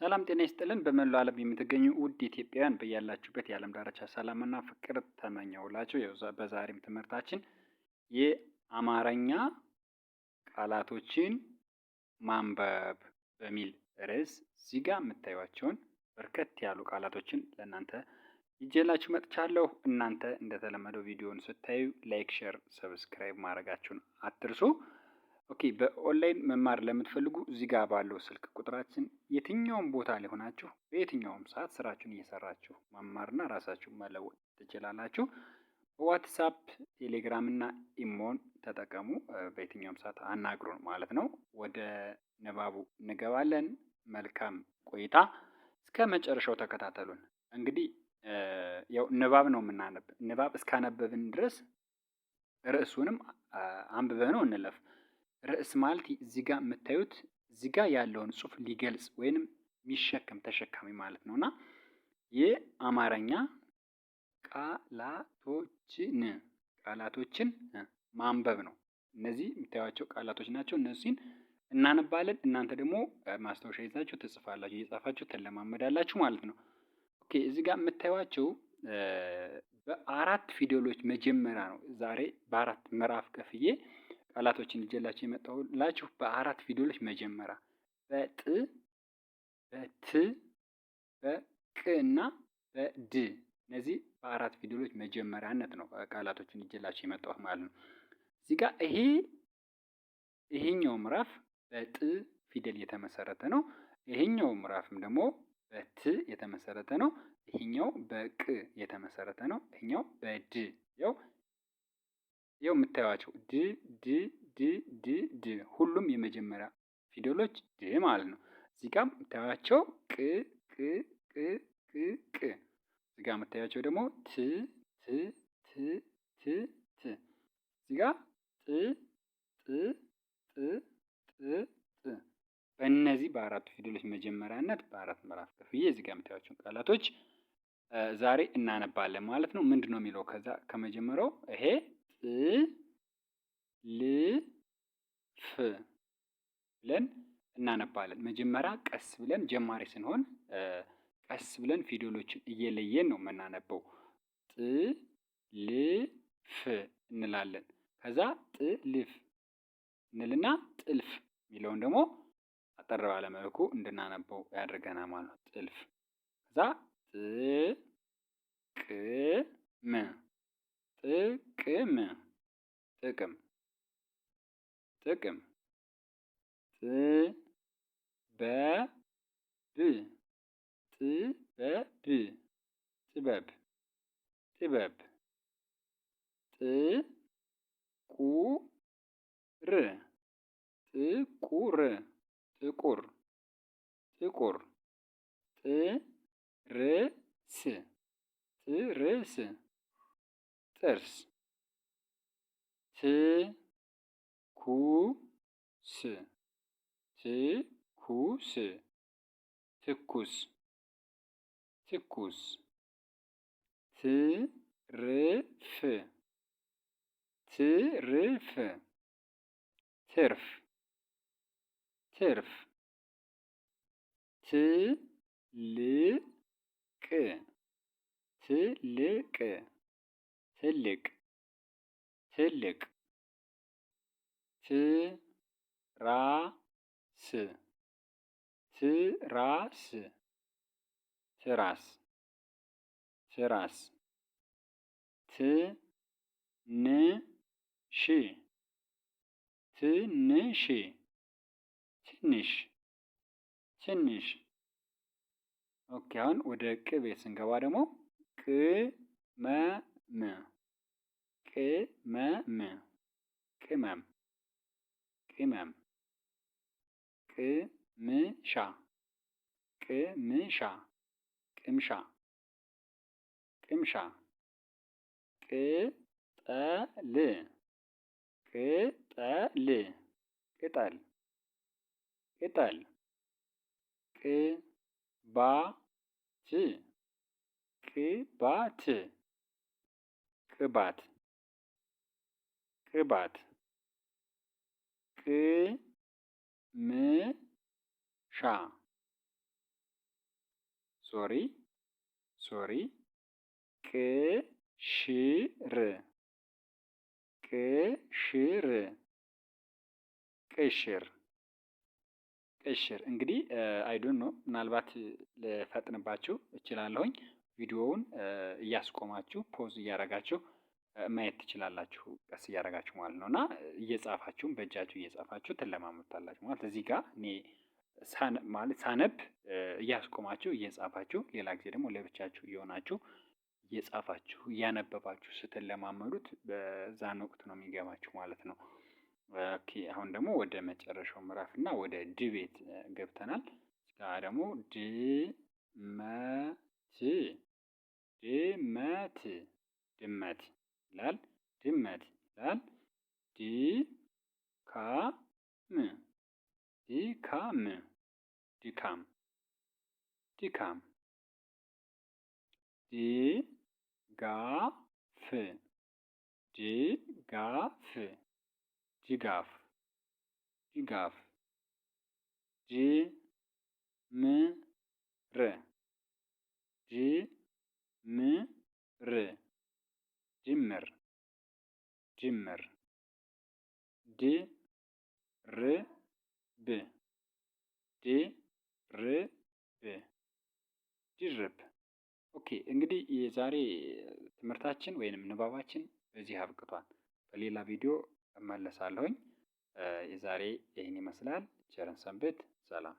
ሰላም ጤና ይስጥልን። በመላው ዓለም የምትገኙ ውድ ኢትዮጵያውያን በያላችሁበት የዓለም ዳርቻ ሰላምና ፍቅር ተመኘውላቸው። በዛሬም ትምህርታችን የአማርኛ ቃላቶችን ማንበብ በሚል ርዕስ እዚህ ጋር የምታዩቸውን በርከት ያሉ ቃላቶችን ለእናንተ ይዤላችሁ መጥቻለሁ። እናንተ እንደተለመደው ቪዲዮውን ስታዩ ላይክ፣ ሸር፣ ሰብስክራይብ ማድረጋችሁን አትርሱ። ኦኬ በኦንላይን መማር ለምትፈልጉ እዚህ ጋር ባለው ስልክ ቁጥራችን የትኛውም ቦታ ላይ ሆናችሁ በየትኛውም ሰዓት ስራችሁን እየሰራችሁ መማርና ራሳችሁን መለወጥ ትችላላችሁ። በዋትሳፕ ቴሌግራም እና ኢሞን ተጠቀሙ። በየትኛውም ሰዓት አናግሩን ማለት ነው። ወደ ንባቡ እንገባለን። መልካም ቆይታ። እስከ መጨረሻው ተከታተሉን። እንግዲህ ያው ንባብ ነው የምናነብ። ንባብ እስካነበብን ድረስ ርዕሱንም አንብበ ነው እንለፍ ርዕስ ማለት እዚጋ የምታዩት እዚጋ ያለውን ጽሑፍ ሊገልጽ ወይንም የሚሸከም ተሸካሚ ማለት ነው እና የአማርኛ ቃላቶችን ቃላቶችን ማንበብ ነው። እነዚህ የምታዩቸው ቃላቶች ናቸው። እነዚህን እናነባለን። እናንተ ደግሞ ማስታወሻ ይዛችሁ ትጽፋላችሁ፣ እየጻፋችሁ ትለማመዳላችሁ ማለት ነው። ኦኬ እዚህ ጋር የምታዩቸው በአራት ፊደሎች መጀመሪያ ነው። ዛሬ በአራት ምዕራፍ ከፍዬ ቃላቶችን ይዤላችሁ የመጣሁላችሁ በአራት ፊደሎች መጀመሪያ በጥ በት በቅ እና በድ እነዚህ በአራት ፊደሎች መጀመሪያነት ነው ቃላቶችን ይዤላችሁ የመጣሁት ማለት ነው። እዚህ ጋር ይሄ ይሄኛው ምዕራፍ በጥ ፊደል የተመሰረተ ነው። ይሄኛው ምዕራፍም ደግሞ በት የተመሰረተ ነው። ይሄኛው በቅ የተመሰረተ ነው። ይሄኛው በድ ያው ይኸው የምታዩቸው ድ ድ ድ ድ ድ ሁሉም የመጀመሪያ ፊደሎች ድ ማለት ነው። እዚህ ጋር የምታዩቸው ቅ ቅ ቅ ቅ ቅ እዚህ ጋር የምታዩቸው ደግሞ ት ት ት ት ት እዚህ ጋር ጥ ጥ ጥ ጥ ጥ በእነዚህ በአራቱ ፊደሎች መጀመሪያነት በአራት ምዕራፍ ከፍዬ እዚህ ጋር የምታዩቸውን ቃላቶች ዛሬ እናነባለን ማለት ነው። ምንድን ነው የሚለው ከዛ ከመጀመሪያው ይሄ ጥልፍ ብለን እናነባለን። መጀመሪያ ቀስ ብለን ጀማሪ ስንሆን ቀስ ብለን ፊደሎችን እየለየን ነው የምናነበው። ጥልፍ እንላለን። ከዛ ጥልፍ እንልና ጥልፍ የሚለውን ደግሞ አጠር ባለ መልኩ እንድናነበው ያደርገናል ማለት ነው። ጥልፍ ከዛ ጥቅም ጥቅም ጥቅም ጥቅም ጥበብ ጥበብ ጥበብ ጥበብ ጥቁር ጥቁር ጥቁር ጥቁር ጥርስ ጥርስ ጥርስ ትኩስ ትኩስ ትኩስ ትኩስ ትርፍ ትርፍ ትርፍ ትርፍ ትልቅ ትልቅ ትልቅ ትልቅ ትራስ ትራስ ትራስ ትራስ ትንሽ ትንሽ ትንሽ ትንሽ ኦኬ አሁን ወደ ቅቤ ስንገባ ደግሞ ቅመም ቅመም ቅመም ቅመም ቅምሻ ቅምሻ ቅምሻ ቅምሻ ቅጠል ቅጠል ቅጠል ቅጠል ቅባት ቅባት ቅባት ቅባት ቅምሻ ሶሪ ሶሪ ቅሽር ቅሽር ቅሽር ቅሽር እንግዲህ አይዶን ነው። ምናልባት ልፈጥንባችሁ እችላለሁኝ። ቪዲዮውን እያስቆማችሁ ፖዝ እያደረጋችሁ ማየት ትችላላችሁ ቀስ እያደረጋችሁ ማለት ነው እና እየጻፋችሁም በእጃችሁ እየጻፋችሁ ትለማመዱታላችሁ ማለት እዚህ ጋር እኔ ማለት ሳነብ እያስቆማችሁ እየጻፋችሁ ሌላ ጊዜ ደግሞ ለብቻችሁ እየሆናችሁ እየጻፋችሁ እያነበባችሁ ስትለማመዱት በዛን ወቅት ነው የሚገባችሁ ማለት ነው። ኦኬ አሁን ደግሞ ወደ መጨረሻው ምዕራፍ እና ወደ ድ ቤት ገብተናል። እዚጋ ደግሞ ድመት ድመት ድመት ይላል። ድመት ይላል። ዲ ካ ም ዲካም ዲካም ዲካም ዲ ጋ ፍ ዲጋፍ ዲጋፍ ዲጋፍ ጂ ም ር ጂ ም ር ጅምር ጅምር ድ ር ብ ድ ር ብ ድርብ። ኦኬ እንግዲህ የዛሬ ትምህርታችን ወይንም ንባባችን በዚህ አብቅቷል። በሌላ ቪዲዮ እመለሳለሁኝ። የዛሬ ይህን ይመስላል። ቸርን ሰንብት። ሰላም